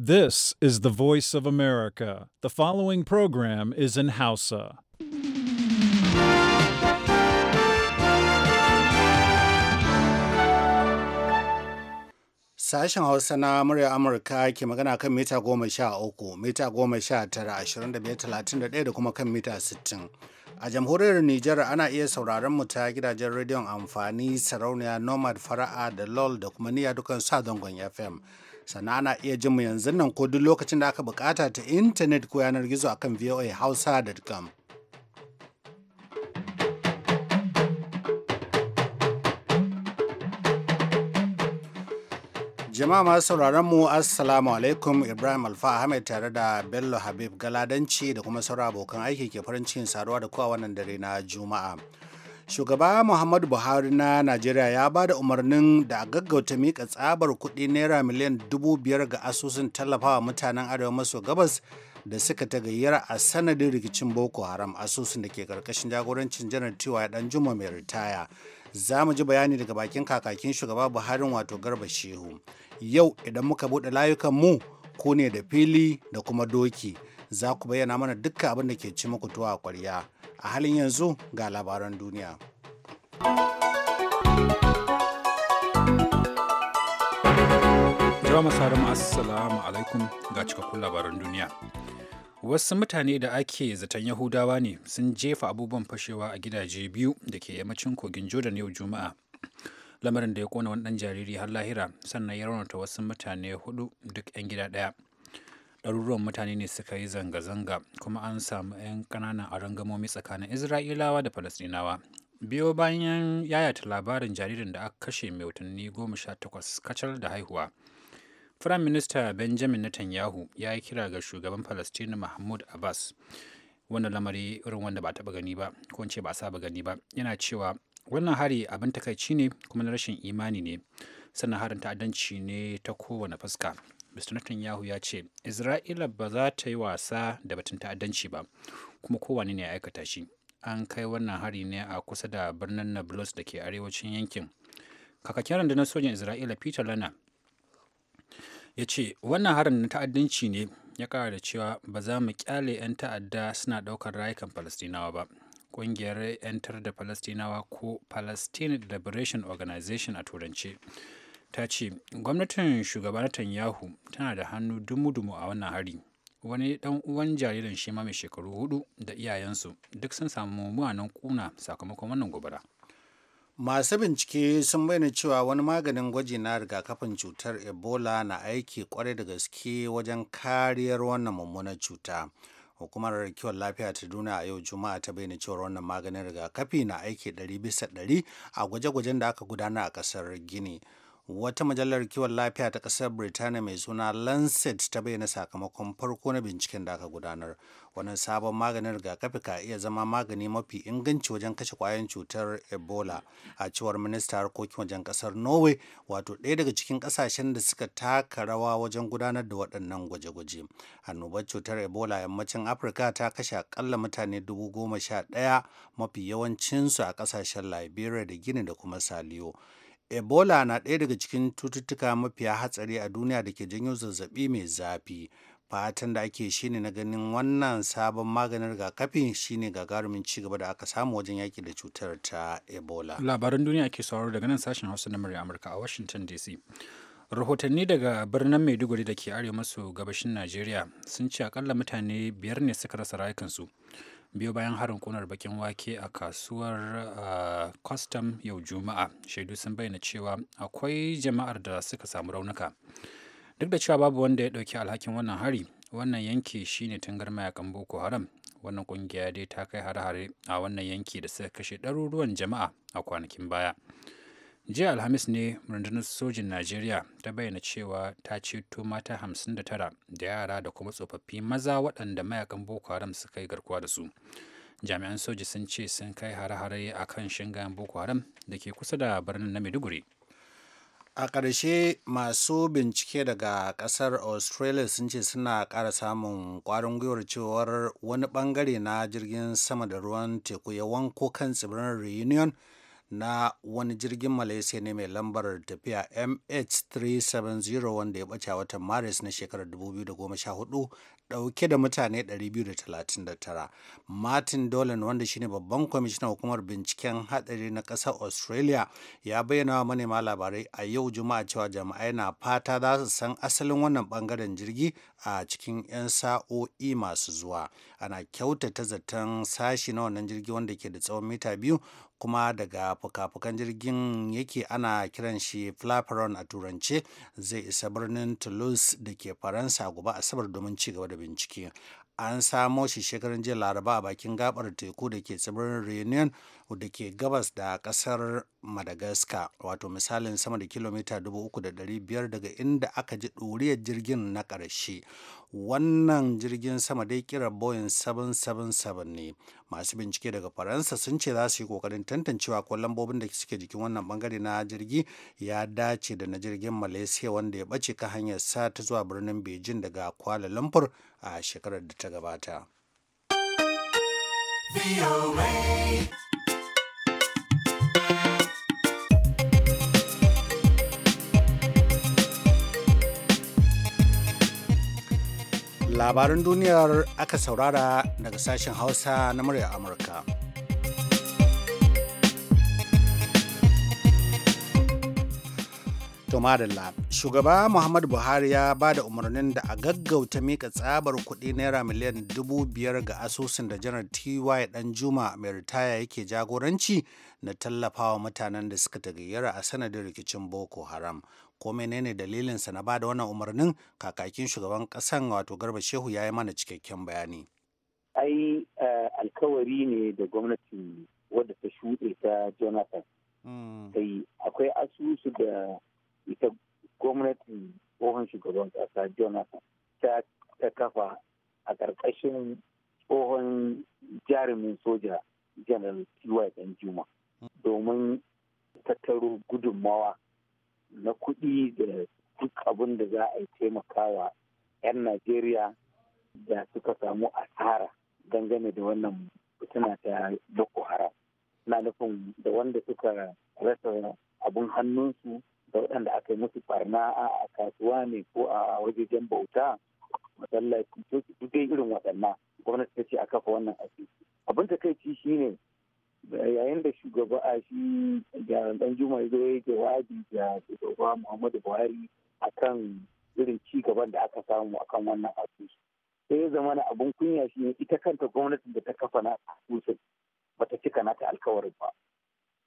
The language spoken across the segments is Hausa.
This is the voice of America. The following program is in Hausa. Sashen Hausa na murya Amurka ke magana kan mita goma sha uku, mita goma sha tara, ashirin da biyar, talatin da ɗaya da kuma kan mita sittin. A jamhuriyar Nijar ana iya sauraron mu ta gidajen rediyon amfani sarauniya Nomad Fara'a da LOL da kuma niya dukan sa zangon FM. sannan ana iya jin mu yanzu nan ko duk lokacin da aka bukata ta intanet ko yanar gizo akan voahausa.com jama'a masu sauraron mu assalamu alaikum ibrahim alfa ahmed tare da bello habib galadanci da kuma sauran abokan aiki ke farin cikin saruwa da kowa wannan dare na juma'a shugaba muhammadu buhari na najeriya ya ba da umarnin da a gaggauta mika tsabar kuɗi naira miliyan dubu biyar ga asusun tallafawa mutanen arewa maso gabas da suka tagayyara a sanadin rikicin boko haram asusun da ke karkashin jagorancin janar tiwa dan juma mai ritaya za mu ji bayani daga bakin kakakin shugaba buhari wato garba shehu yau idan muka buɗe layukan mu ku ne da fili da kuma doki za ku bayyana mana dukkan abin da ke ci muku tuwa a kwarya a halin yanzu ga labaran duniya. Jama'a Saramu Assalamu alaikum ga cikakkun labaran duniya. Wasu mutane da ake zaton Yahudawa ne sun jefa abubuwan fashewa a gidaje biyu da ke yammacin kogin Jordan yau Juma'a. Lamarin da ya kona wani ɗan jariri har lahira sannan ya raunata wasu mutane hudu duk 'yan gida ɗaya. ɗaruruwan mutane ne suka yi zanga-zanga kuma an samu 'yan ƙananan rangamomi tsakanin isra'ilawa da falasɗinawa biyo bayan yayata labarin jaririn da aka kashe mai watanni goma sha takwas kacal da haihuwa firayim minista benjamin netanyahu ya yi kira ga shugaban falastina mahmud abbas wannan lamari irin wanda ba taɓa gani ba ko ce ba saba gani ba yana cewa wannan hari abin takaici ne kuma na rashin imani ne sannan harin ta'addanci ne ta kowane fuska mr netanyahu ya ce isra'ila ba za ta yi wasa da batun ta'addanci ba kuma kowane ne ya aikata shi an kai wannan hari ne a kusa da birnin nablus da ke arewacin yankin kakakin na sojan isra'ila peter lana ya ce wannan harin na ta'addanci ne ya kara da cewa ba za mu kyale 'yan ta'adda suna daukar rayukan falastinawa ba ƙungiyar 'yantar da falastinawa ko palestine liberation organization a turance ta ce gwamnatin shugaba Netanyahu tana da hannu dumu-dumu a wannan hari wani dan uwan jaririn shi ma mai shekaru hudu da iyayensu duk sun samu mummunan kuna sakamakon wannan gobara masu bincike sun bayyana cewa wani maganin gwaji na rigakafin cutar ebola na aiki kwarai da gaske wajen kariyar wannan mummunar cuta hukumar kiwon lafiya ta duniya a yau juma'a ta bayyana cewa wannan maganin rigakafi na aiki 100 bisa 100 a gwaje-gwajen da aka gudana a kasar gini wata mujallar kiwon lafiya ta ƙasar Birtaniya mai suna Lancet ta bayyana sakamakon farko na binciken da aka gudanar. Wani sabon maganin rigakafi ka iya zama magani mafi inganci wajen kashe kwayan cutar Ebola a cewar minista harkokin wajen ƙasar Norway wato ɗaya daga cikin ƙasashen da suka taka rawa wajen gudanar da waɗannan gwaje-gwaje. Annobar cutar Ebola yammacin Afirka ta kashe akalla mutane dubu goma sha ɗaya mafi yawancinsu a ƙasashen Liberia da Gini da kuma Saliyo. Ebola na ɗaya daga cikin cututtuka mafiya hatsari a duniya da ke janyo zazzabi mai zafi. Fatan da ake shine na ganin wannan sabon maganin rigakafi shine gagarumin ci gaba da aka samu wajen yaƙi da cutar ta Ebola. Labaran duniya ke sauraro daga nan sashen Hausa na murya Amurka a Washington DC. Rahotanni daga birnin Maiduguri da ke arewa maso gabashin Najeriya sun ce akalla mutane biyar ne suka rasa rayukansu. biyo bayan harin kunar bakin wake a kasuwar ah, kwastam yau juma'a shaidu sun bayyana cewa akwai jama'ar da suka samu raunuka duk da cewa babu wanda ya ɗauki alhakin wannan hari wannan yanki shine ya mayakan boko haram wannan kungiya dai ta kai hare-hare a wannan yanki da suka kashe ɗaruruwan jama'a a kwanakin baya jiya alhamis ne rundunar sojin najeriya ta bayyana cewa ta ceto mata 59 da yara da kuma tsofaffi maza waɗanda mayakan boko haram suka yi garkuwa da su jami'an soji sun ce sun kai hare-hare a kan shingayen boko haram da ke kusa da birnin na maiduguri a ƙarshe masu bincike daga ƙasar australia sun ce suna ƙara samun ƙwarin gwiwar cewar wani ɓangare na jirgin sama da ruwan teku ya wanko kan tsibirin reunion na wani jirgin malaysia ne mai lambar tafiya mh370 wanda ya ɓace watan maris na shekarar 2014 ɗauke da mutane 239 martin dolan wanda shine babban kwamishinan hukumar binciken hadari na ƙasar australia ya bayyana wa manema labarai a yau juma'a cewa jama'ai na fata za su san asalin wannan bangaren jirgi a cikin 'yan sa'o'i masu zuwa ana kyautata zaton sashi na wannan jirgi wanda ke da tsawon mita biyu kuma daga fuka-fukan jirgin yake ana kiran shi flaperon a turance zai isa birnin toulouse da ke faransa gobe asabar domin ci gaba da bincike an samo shi shekarun jiya laraba a bakin gabar teku da ke tsibirin reunion da ke gabas da kasar madagascar wato misalin sama da kilomita 3,500 daga inda aka ji ɗuriyar jirgin na ƙarshe wannan jirgin sama dai kira boeing 777 ne masu bincike daga faransa sun ce za su yi kokarin tantancewa ko lambobin da suke jikin wannan bangare na jirgi ya dace da na jirgin malaysia wanda ya bace ka hanyar sa ta zuwa birnin beijing daga kuala lumpur a shekarar da ta gabata. labaran duniyar aka saurara daga sashen hausa na murya amurka To shugaba Muhammadu Buhari ya ba da umarnin da a gaggauta mika tsabar kuɗi naira miliyan dubu biyar ga asusun da janar TY dan Juma mai ritaya yake jagoranci na tallafawa mutanen da suka tagayyara a sanadin rikicin Boko Haram ko menene dalilinsa na bada wannan umarnin kakakin shugaban ƙasan wato garba shehu ya yi mana cikakken bayani ai eh, alkawari ne da gwamnati wadda ta shuɗe ta jonathan sai hmm. akwai asusu da ita gwamnati tsohon shugaban ƙasa jonathan ta kafa a ƙarƙashin tsohon jarumin soja janar ty Danjuma hmm. domin tattaro gudunmawa na kuɗi da duk abin da za a yi taimakawa 'yan najeriya da suka samu asara dangane da wannan fitina ta boko haram na nufin da wanda suka rasa abin hannunsu da waɗanda aka yi musu barna a kasuwa ne ko a wajejen bauta masallaci duk irin waɗannan gwamnati ta ce a kafa wannan asibiti abin takaici ne. yayin da shugaba a shi jaran dan juma zo ya jawabi da shugaba muhammadu buhari akan irin ci gaban da aka samu akan wannan asusu sai ya zama na abun kunya shi ne ita kanta gwamnatin da ta kafa na asusun bata cika nata alkawarin ba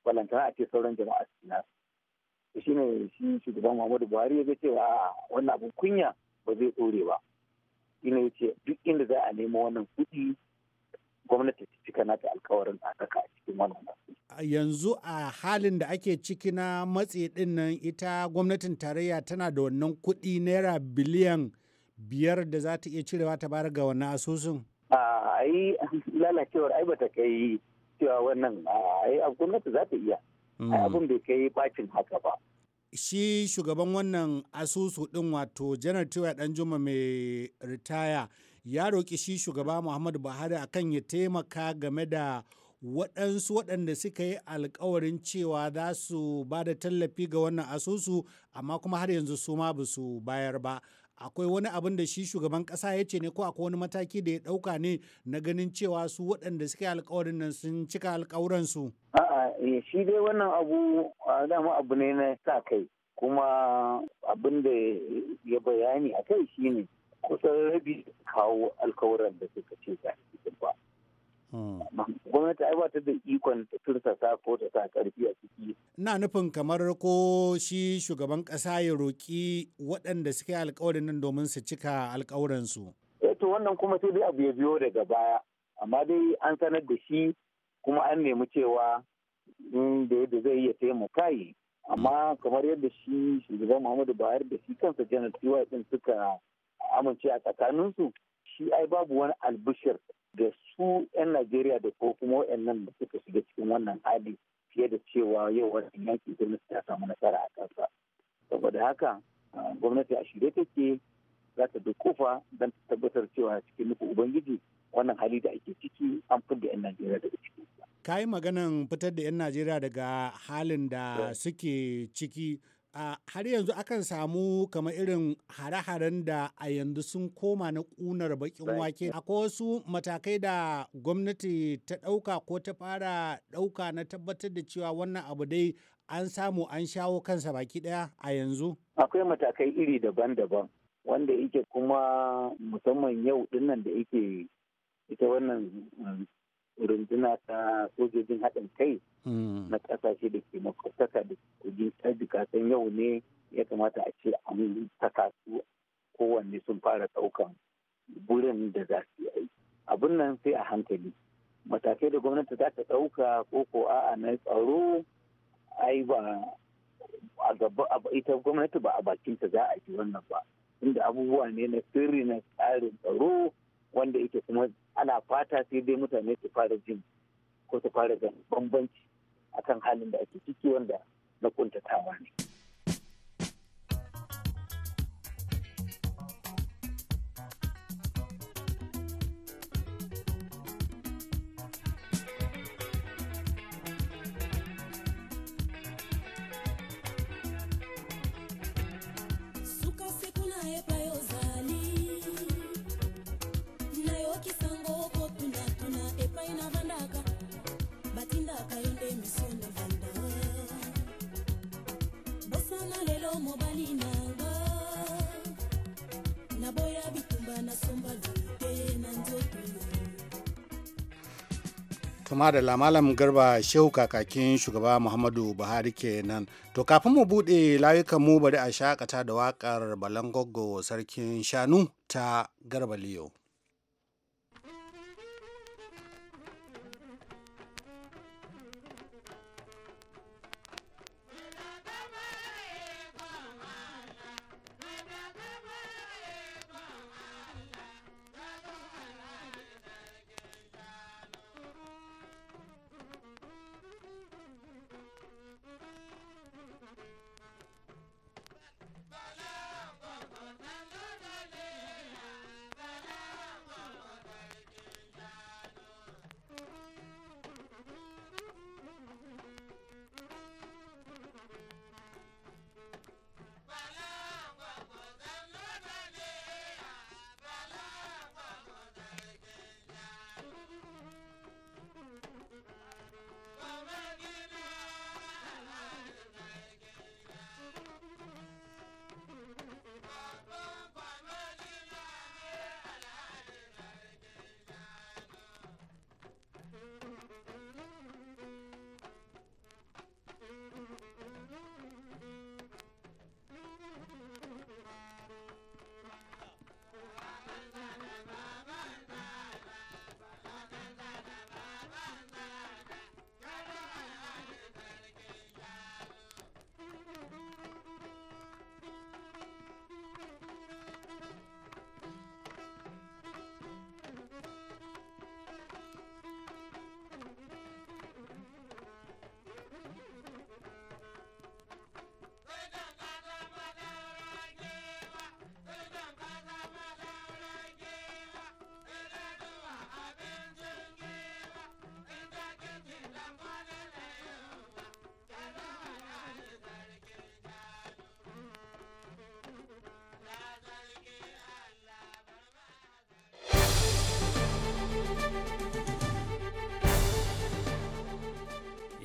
balantana a ce sauran jama'a su na shi ne shi shugaban muhammadu buhari ya ga cewa wannan abun kunya ba zai tsore ba ina ne ya ce duk inda za a nemo wannan kuɗi gwamnati ta cika ta alkawarin a saka a cikin wannan yanzu a halin da ake ciki na matsi din nan ita gwamnatin tarayya tana da wannan kuɗi naira biliyan biyar da za ta iya cirewa ta bayar ga wannan asusun yi lalacewar ai bata kai cewa wannan ai gwamnati za ta iya hmm. abin bai kai bacin haka ba shi shugaban wannan asusu din wato janar tiwa danjuma mai ritaya ya roƙi shi shugaba muhammadu buhari akan ya taimaka game da waɗansu waɗanda suka yi alkawarin cewa za su ba da tallafi ga wannan asusu amma kuma har yanzu su ma ba su bayar ba akwai wani abin da shi shugaban ƙasa ya ce ne ko akwai wani mataki da ya ɗauka ne na ganin cewa su waɗanda suka yi alkawarin nan sun cika alkawuransu. a'a eh, shi dai wannan abu dama abu ne na sa kai kuma abin da ya bayani a kai shi ne. kusan rabi kawo alkawuran da suka ce za su ba. Gwamnati ai ta da ikon tursasa ko ta sa karfi a ciki. na nufin kamar ko shi shugaban ƙasa ya roƙi waɗanda suka yi alkawarin nan domin su cika su. Eh, to wannan kuma sai dai abu ya biyo daga baya amma dai an sanar da shi kuma an nemi cewa mm, da yadda zai iya taimaka yi amma kamar yadda shi shugaban muhammadu buhari da shi kansa janar tiwa din suka amince a tsakaninsu shi ai babu wani albishir da su 'yan Najeriya da ko kuma wayannan da suka shiga cikin wannan hali fiye da cewa yau wani yanki gwamnati ta samu nasara a kansa. Saboda haka gwamnati a shirye take za ta kufa don ta tabbatar cewa cikin nufin Ubangiji wannan hali da ake ciki an fi da 'yan Najeriya daga ciki. Ka yi maganan fitar da 'yan Najeriya daga halin da suke ciki har yanzu akan samu kamar irin hare-haren da a yanzu sun koma na kunar bakin wake akwai wasu matakai da gwamnati ta ɗauka ko ta fara ɗauka na tabbatar da cewa wannan abu dai an samu an shawo kansa baki ɗaya a yanzu akwai matakai iri daban-daban wanda yake kuma musamman yau dinnan da yake ita wannan um, runduna ta sojojin haɗin kai hmm. na ƙasashe da ke makwabtaka da kogin chadi kasan yau ne ya kamata a ce an saka su kowanne sun fara ɗaukan burin da za su yi abin nan sai a hankali matakai da gwamnati za ta ɗauka ko ko a'a na tsaro ai ba a gaba ita gwamnati ba a bakinta za a ji wannan ba inda abubuwa ne na sirri na tsarin tsaro wanda ita kuma ana fata sai dai mutane su fara jin ko su fara ganin bambanci akan halin da ake ciki wanda na kuntatawa ne. kuma da lamalam garba shehu kakakin shugaba muhammadu buhari kenan to kafin mu bude layukan mu bari a shakata da wakar balangogo sarkin shanu ta garba liyo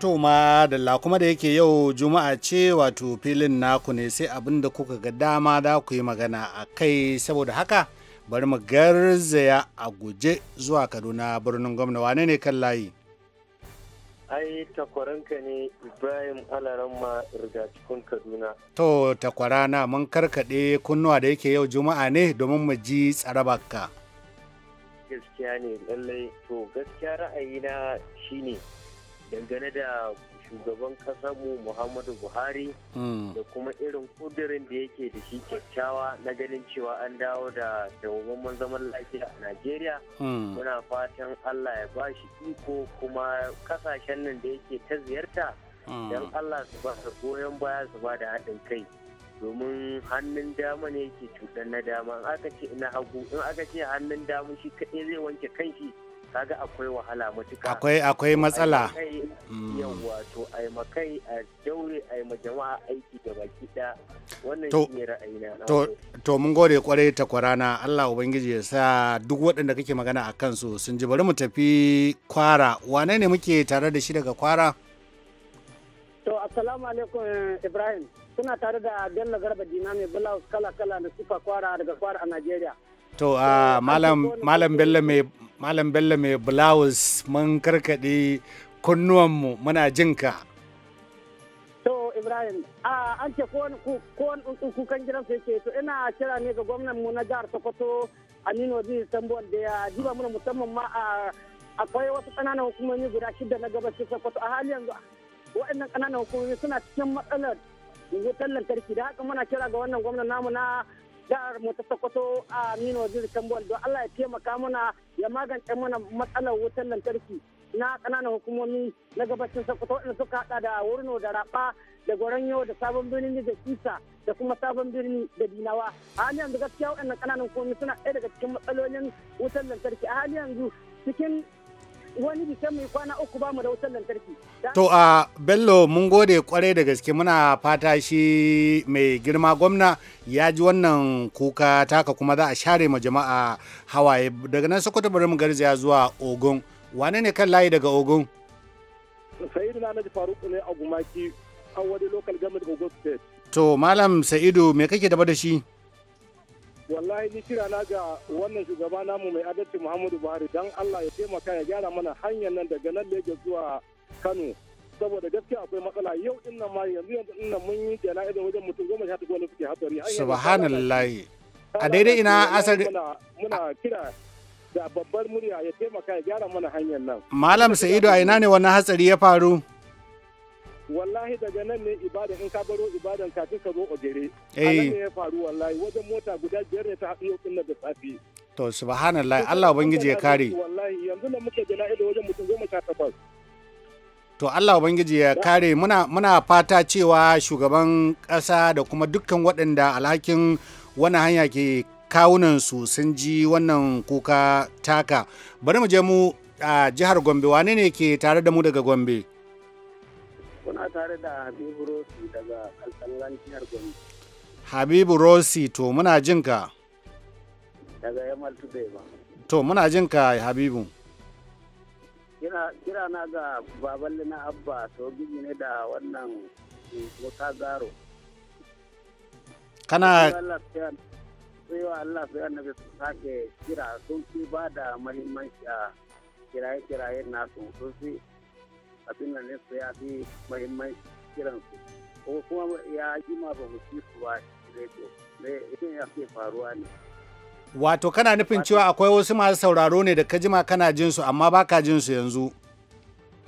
To ma da kuma da yake yau juma'a ce wato filin naku ne sai abin da kuka ga dama da ku yi magana a kai saboda haka bari mu garzaya a guje zuwa kaduna birnin gwamna wane ne kan layi? Ai takwaranka ne Ibrahim Alaramma cikin Kaduna. To takwarana mun karkaɗe kunnuwa da yake yau juma'a ne domin mu ji tsarabarka. Gaskiya ne lallai to gaskiya ra'ayina shine. ne. dangane da shugaban mu muhammadu buhari mm. da kuma irin kudirin da yake da shi kyakkyawa na ganin cewa an dawo da dawamamman zaman lafiya a najeriya mm. muna fatan allah ya ba shi iko kuma kasashen nan da yake ta ziyarta mm. don allah su ba su goyon baya su ba da haɗin kai domin hannun dama ne yake cutar na dama in aka ce ina hagu in aka ce hannun dama shi kaɗai zai wanke kanshi kaga akwai wahala matuka akwai akwai matsala hmm. yawa to ai makai a daure ai ma jama'a aiki da baki da wannan ra'ayina to to mun gode kwarai ta kwarana Allah ubangiji ya sa duk waɗanda kake magana a kansu sun ji bari mu tafi kwara wane ne muke tare da shi daga kwara to assalamu alaikum Ibrahim suna tare da Bello Garba Dinami Blouse kala kala na sifa kwara daga kwara a Najeriya ah, to a malam malam Bello mai malam bello mai blouse mun karkade kunnuwanmu muna jinka to ibrahim a an ce kowane kukan gidansu yake to ina kira ne ga gwamnan mu na jihar sokoto aminu aziz tambuwal da ya duba mana musamman ma a akwai wasu ƙananan hukumomi guda shida na gabashin sokoto a hali yanzu waɗannan ƙananan hukumomi suna cikin matsalar wutar lantarki da haka muna kira ga wannan gwamnan namu na jihar mu ta Sokoto a Aminu Jiri Tambol don Allah ya taimaka mana ya magance mana matsalar wutar lantarki na kananan hukumomi na gabashin Sokoto waɗanda suka hada da Wurno da Raba da Goranyo da Sabon Birni da Kisa da kuma Sabon Birni da Dinawa a halin yanzu gaskiya waɗannan kananan hukumomi suna ɗaya daga cikin matsalolin wutar lantarki a halin yanzu cikin wani bisan mai kwana uku ba mu da wutar lantarki. To a Bello mun gode kwarai da gaske muna fata shi mai girma gwamna ya ji wannan kuka taka kuma za a share ma jama'a hawaye daga nan Sokoto bari mu garzaya zuwa Ogun. Wane ne kan layi daga Ogun? Sa'idu na Naji Faruk ne a Gumaki, a wani local government Ogun State. To Malam Sa'idu me kake dafa da shi? wallahi ni kira na ga wannan shugaba namu mai adalci muhammadu buhari dan allah ya taimaka ya gyara mana hanyar nan daga nan da zuwa kano saboda gaskiya akwai matsala yau din nan ma yanzu yanzu din nan mun yi jana'izar wajen mutum goma sha takwas suke hatsari subhanallah a daidai ina asali muna kira da babbar murya ya taimaka ya gyara mana hanyar nan malam sa'idu a ina ne wannan hatsari ya faru wallahi daga nan ne ibada in ka baro ibadan kafin ka zo ogere eh. anan ne ya faru wallahi wajen mota guda biyar ne ta haɗu yau da safi to subhanallah Allah ubangiji ya kare wallahi yanzu nan muke da wajen mutum goma sha takwas To Allah Ubangiji ya kare muna, muna fata cewa shugaban ƙasa da kuma dukkan waɗanda alhakin wani hanya ke kawunansu sun ji wannan kuka taka. Bari mu je mu a jihar Gombe wane ne ke tare da mu daga Gombe? kuna tare da habibu Rossi daga kaltangan jihar gombe habibu Rossi to muna jin ka daga yamal today ba to muna jin ka habibu kira na ga baballe na abba to gini ne da wannan musa garo kana sai wa Allah sai annabi su sake kira sun fi ba da mahimmanci a kiraye kiraye nasu sun fi abin su ya fi kiran kiransu ko kuma ya ma ba mu ci su ba radio ne idan ya ke faruwa ne wato kana nufin cewa akwai wasu masu sauraro ne da ka jima kana jin su amma baka jin su yanzu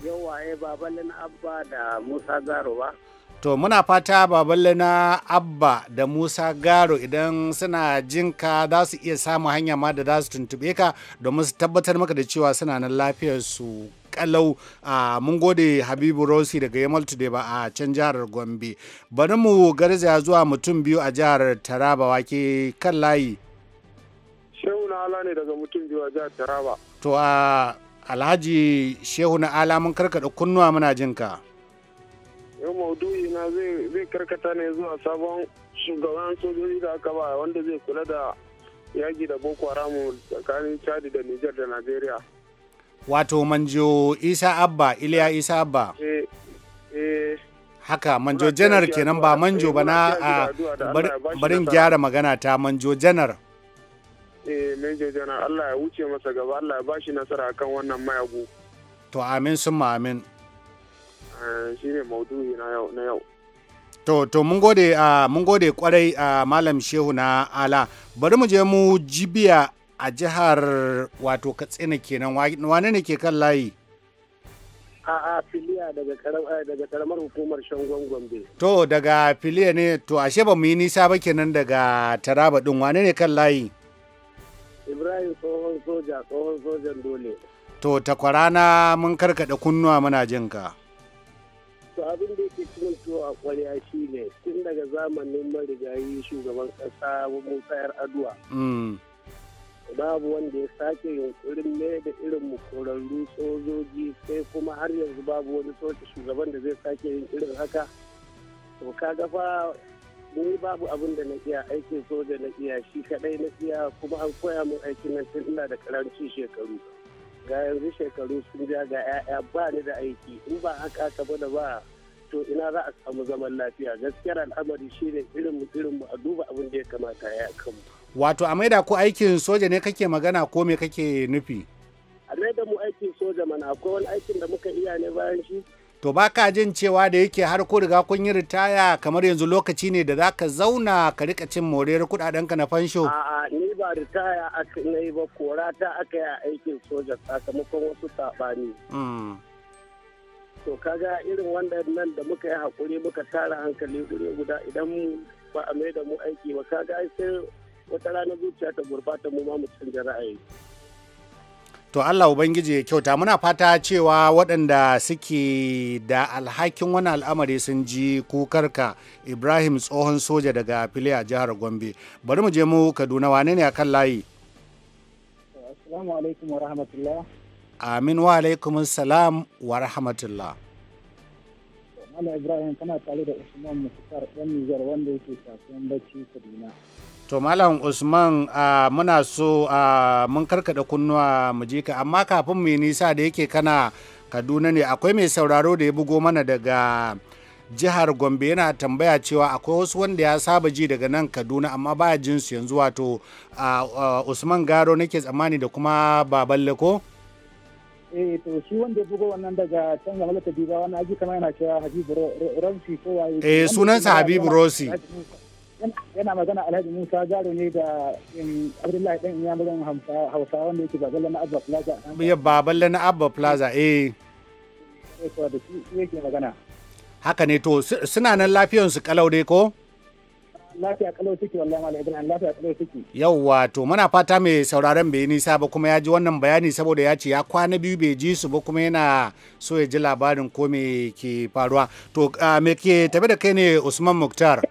yawa eh abba da musa garo ba to muna fata baballe na abba da musa garo idan suna jinka za su iya samun hanya ma da za su tuntube ka domin su tabbatar maka da cewa suna nan lafiyarsu kalau mun gode habibu rossi daga yamal today ba a can jihar gombe bari mu garzaya zuwa mutum biyu a jihar taraba wake kan layi shehu na ala ne daga mutum biyu a jihar taraba to a alhaji shehu na ala mun karkada kunnuwa muna jinka yau maudu'i na zai karkata ne zuwa sabon shugaban sojoji da aka ba wanda zai kula da yaki da boko haram tsakanin chadi da niger da nigeria wato manjo isa abba iliya isa abba eh, eh. haka manjo janar kenan ba manjo ba na eh, barin gyara magana ta manjo janar manjo janar Allah ya wuce masa gaba Allah ya ba shi nasara kan wannan mayagu to amin sun ma amin shi ne maudu'i na yau to to mun gode mun gode kwarai malam shehu na ala bari mu je mu jibiya a jihar wato katsina kenan wane ne ke kan layi a'a filiya eh, daga karamar hukumar shangon gombe to daga filiya ne to ashe ba yi nisa ba kenan daga taraba din wane ne kan layi ibrahim tsohon soja tsohon sojan dole to na mun karkada kunnuwa muna ka. to abin da yake cikin tuwo a kwariya shi ne tun daga zamanin marigayi shugaban kasa musa yar aduwa mm. babu wanda ya sake yunkurin ne da irin mu sojoji sai kuma har yanzu babu wani soke shugaban da zai sake yin irin haka to ka fa ni babu abin da na iya aikin soja na iya shi kadai na iya kuma an koya min aikin nan tun ina da karanci shekaru ga yanzu shekaru sun ja ga 'ya'ya ba ni da aiki in ba haka ka ba da ba to ina za a samu zaman lafiya gaskiyar al'amari shine irin mu irin mu a duba abin da ya kamata ya kanmu wato a maida ko aikin soja ne kake magana ko me kake nufi a maida mu aikin soja mana akwai wani aikin da muka iya ne bayan shi to ba ka jin cewa da yake har ko riga kun yi ritaya kamar yanzu lokaci ne da zaka zauna ka rika cin moriyar kudaden ka na fansho a'a ni ba ritaya aka yi ba kora ta aka yi a aikin soja sakamakon wasu sabani hmm. to kaga irin wanda nan da muka yi hakuri muka tara hankali gure guda idan ba a mai mu aiki ba kaga sai wata rana zuciya ta gurbata mu ma mu canja ra'ayi to Allah Ubangiji ya kyauta muna fata cewa waɗanda suke da alhakin wani al'amari sun ji kukarka Ibrahim tsohon soja daga fili a jihar Gombe bari mu je mu Kaduna wane ne akan layi Assalamu alaikum wa rahmatullah Amin wa alaikum salam wa rahmatullah Ibrahim kana tare da Usman Mukhtar ɗan Nijar wanda yake kasuwan bacci Kaduna to malam usman uh, muna so uh, mun karkada kunnuwa mu je ka amma kafin mu nisa da yake kana kaduna ne akwai mai sauraro da ya bugo mana daga jihar gombe yana tambaya cewa akwai wasu wanda ya saba ji daga nan kaduna amma baya jin su yanzu wato usman garo nake tsammani da kuma baban lako eh to shi wanda ya bugo wannan daga can ya halaka duba wannan aji kamar yana cewa habibu rossi ko waye eh sunansa habibu rossi yana magana alhaji musa jaro ne da um, abdullahi dan murin hausa wanda yake baballe na abba plaza ya baballe na abba plaza eh, eh da shi yake magana haka ne to suna nan lafiyansu kalau dai ko lafiya kalau suke wallahi malam ibrahim lafiya kalau suke yawwa to muna fata mai sauraron bai nisa ba kuma ya ji wannan bayani saboda ya ce ya kwana biyu bai ji su ba kuma yana so ya ji labarin ko me ke faruwa to ah, me ke tafi da kai ne usman muktar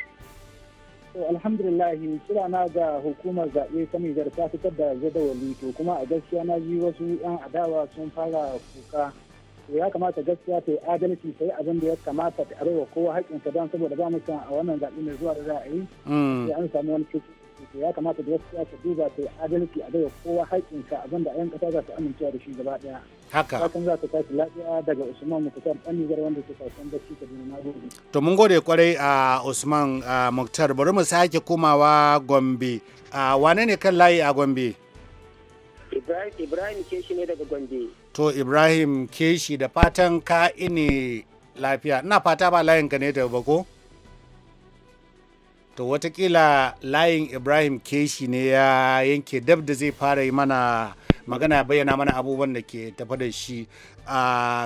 alhamdulillah kira na ga hukumar zaɓe ta Nijar ta fitar da jadawali to kuma a gaskiya na ji wasu 'yan adawa sun fara kuka to ya kamata gaskiya ta yi adalci ta yi abin da ya kamata ta arewa kowa haƙƙinsa don saboda ba mu san a wannan zaɓe mai zuwa da za a yi mm. sai an samu wani cikin ya kamata da wasu su duba ta adalci a daga kowa haƙƙinsa abin da ayan kasa za su amincewa da shi gaba ɗaya. Haka. Fatan za ta tashi lafiya daga Usman Muktar ɗan Nijar wanda ke kasuwan bacci ta duniya na gobe. To mun gode kwarai a Usman Muktar bari mu sake komawa Gombe. Wane ne kan layi a Gombe? Ibrahim Keshi ne daga Gombe. To Ibrahim Keshi da fatan ka ine lafiya. Ina fata ba layinka ne da bako? to watakila layin ibrahim keshi ne ya yanke dab da zai fara yi mana magana bayyana mana abubuwan da ke tafa da shi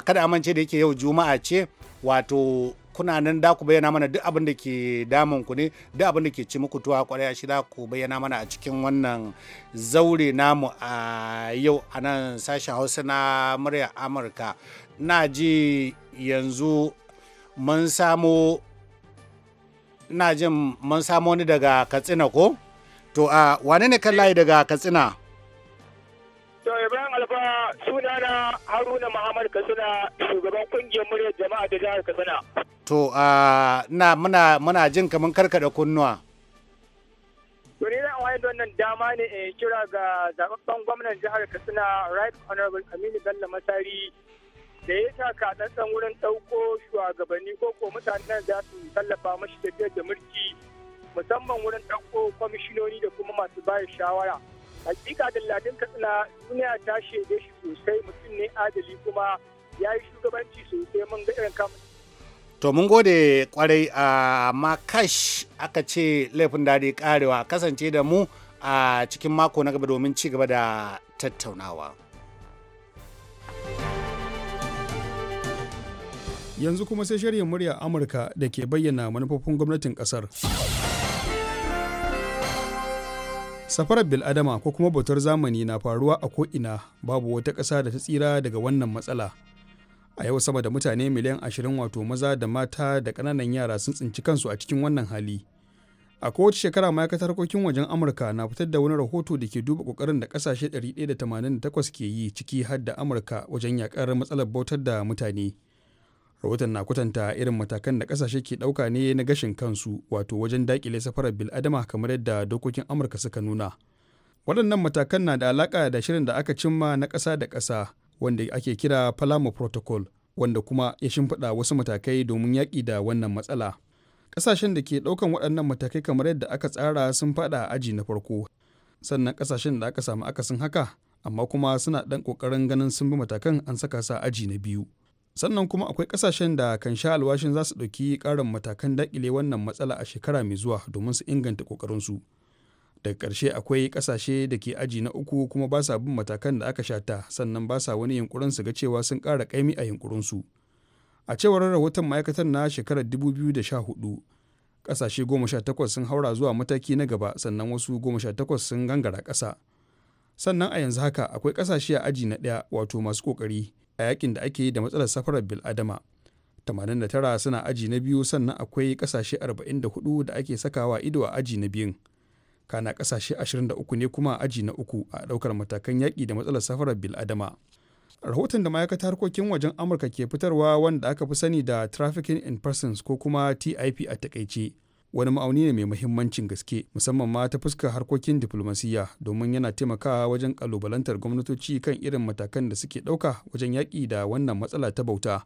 kada amince da yake yau juma'a ce wato kuna nan da ku bayyana mana duk abin da ke damun ku ne duk abin da ke ci muku tuwa kwarai shi da ku bayyana mana a cikin wannan zaure namu a yau a nan sashen hausa na murya amurka na ji yanzu mun samo ina jin mun samu wani daga katsina ko to a wane ne kan layi daga katsina to ibrahim alfa na haruna muhammad katsina shugaban kungiyar muryar jama'a da jihar katsina to a na muna muna jin kamar karkada kunnuwa to ni na wayar wannan dama ne in kira ga zababban gwamnan jihar katsina right honorable aminu bello masari da ya taka san wurin ɗauko shugabanni ko ko mutanen za su tallafa mashi tafiyar da mulki musamman wurin ɗauko kwamishinoni da kuma masu bayar shawara hakika dalladin katsina duniya ta shege shi sosai mutum ne adali kuma ya yi shugabanci sosai mun ga irin kamun to mun gode kwarai a makash aka ce laifin daɗi karewa kasance da mu a cikin mako na gaba domin ci gaba da tattaunawa. yanzu kuma sai shirya murya amurka da ke bayyana manufofin gwamnatin kasar safarar biladama ko kuma bautar zamani na faruwa a ko'ina babu wata ƙasa da ta tsira daga wannan matsala a yau sama da mutane miliyan ashirin wato maza da mata da ƙananan yara sun tsinci kansu a cikin wannan hali a kowace shekara ma'aikatar harkokin wajen amurka na fitar da wani rahoto da ke duba kokarin da kasashe 188 ke yi ciki har da amurka wajen yakar matsalar bautar da mutane rahoton na kwatanta irin matakan da kasashe ke dauka ne na gashin kansu wato wajen dakile safarar adama kamar yadda dokokin amurka suka nuna waɗannan matakan na da alaƙa da shirin da aka cimma na ƙasa da ƙasa wanda ake kira palamo protocol wanda kuma ya shimfiɗa wasu matakai domin yaƙi da wannan matsala ƙasashen da ke ɗaukan waɗannan matakai kamar yadda aka tsara sun faɗa aji na farko sannan ƙasashen da aka samu akasin haka amma kuma suna ɗan ƙoƙarin ganin sun bi matakan an saka sa aji na biyu sannan kuma akwai kasashen da kan sha alwashin za su ɗauki ƙarin matakan daƙile wannan matsala a shekara mai zuwa domin su inganta ƙoƙarinsu daga ƙarshe akwai ƙasashe da ke aji na uku kuma ba sa bin matakan da aka shata sannan ba sa wani yunkurin su ga cewa sun ƙara ƙaimi a yunkurinsu a cewar rahoton ma'aikatar na shekarar 2014 ƙasashe 18 sun haura zuwa mataki na gaba sannan wasu 18 sun gangara ƙasa sannan a yanzu haka akwai ƙasashe a aji na ɗaya wato masu ƙoƙari a yakin da ake yi da matsalar safarar bil'adama 89 suna aji na biyu sannan akwai kasashe 44 da ake sakawa ido a aji na biyun kana kasashe 23 ne kuma aji na uku a daukar matakan yaƙi da matsalar safarar bil'adama rahoton da ma'aikatar harkokin wajen amurka ke fitarwa wanda aka fi sani da trafficking in persons ko kuma tip a takaice wani ma'auni ne mai muhimmancin gaske musamman ma ta fuskar harkokin diflomasiyya domin yana taimakawa wajen kalubalantar gwamnatoci kan irin matakan da suke ɗauka wajen yaƙi da wannan matsala ta bauta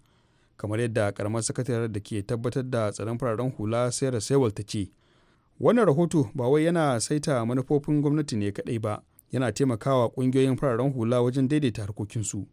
kamar yadda karamar sakataren da ke tabbatar da tsaron fararen hula sayar sewal ta ce wannan rahoto ba wai yana saita manufofin gwamnati ne kaɗai ba yana taimakawa ƙungiyoyin fararen hula wajen daidaita harkokinsu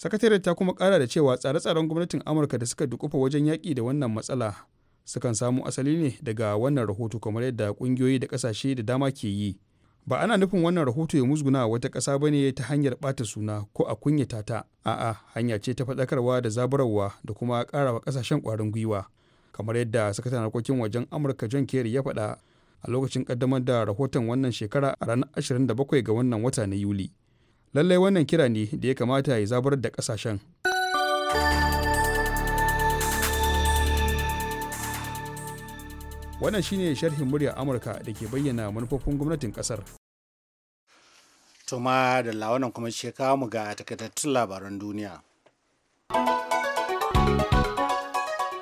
sakatare ta kuma ƙara da cewa tsare-tsaren gwamnatin amurka da suka dukufa wajen yaƙi da wannan matsala sukan samu asali ne daga wannan rahoto kamar yadda kungiyoyi da kasashe da dama ke yi ba ana nufin wannan rahoto ya musguna wata ƙasa ba ne ta hanyar ɓata suna ko a kunyata ta a'a hanya ce ta faɗakarwa da zaburarwa da kuma ƙarawa ƙasashen ƙwarin gwiwa kamar yadda sakataren harkokin wajen amurka john kerry ya faɗa a lokacin ƙaddamar da rahoton wannan shekara a ranar 27 ga wannan wata na yuli lallai wannan kira ne da ya kamata ya zabar da ƙasashen wannan shine sharhin murya amurka da ke bayyana manufofin gwamnatin kasar tuma da lawanan kuma shi mu ga takaitattun labaran duniya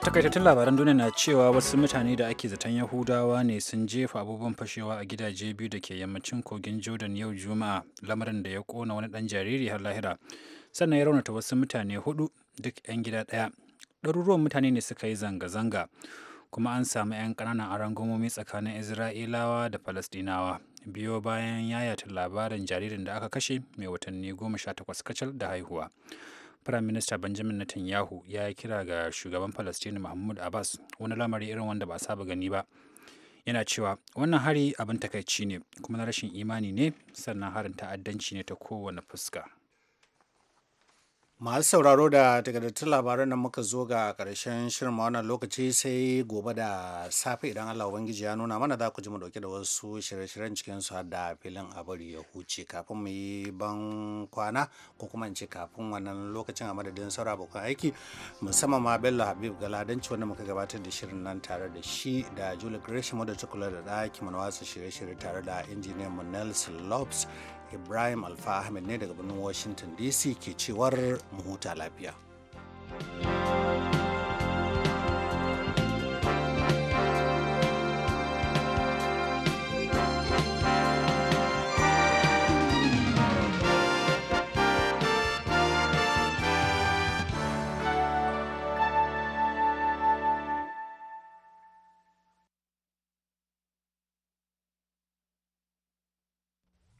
takaitattun labaran duniya na cewa wasu mutane da ake zaton yahudawa ne sun jefa abubuwan fashewa a gidaje biyu da ke yammacin kogin jordan yau juma'a lamarin da ya kona wani dan jariri har lahira sannan ya raunata wasu mutane hudu duk 'yan gida daya ɗaruruwan mutane ne suka yi zanga-zanga kuma an samu 'yan ƙananan arangomomi tsakanin isra'ilawa da falasdinawa biyo bayan yayata labarin jaririn da aka kashe mai watanni goma sha takwas kacal da haihuwa Firayim Minista Benjamin Netanyahu ya yi kira ga shugaban Falastini Mahmud Abbas wani lamari irin wanda ba saba gani ba. Yana cewa wannan hari abin takaici ne kuma na rashin imani ne sannan harin ta'addanci ne ta kowane fuska. masu sauraro da takardattun labaran nan muka zo ga karshen shirin wannan lokaci sai gobe da safe idan allah ubangiji ya nuna mana za ku ji mu dauke da wasu shirye-shiryen cikin su da filin a bari ya huce kafin mu yi ban kwana ko kuma in ce kafin wannan lokacin a madadin saura abokan aiki musamman ma bello habib galadanci wanda muka gabatar da shirin nan tare da shi da julie gresham da ta kula da ɗakin mu na watsa shirye-shirye tare da injiniyan mu nelson lopes Ibrahim Alfa Ahmed ne daga birnin Washington DC ke cewar mu huta lafiya. thank you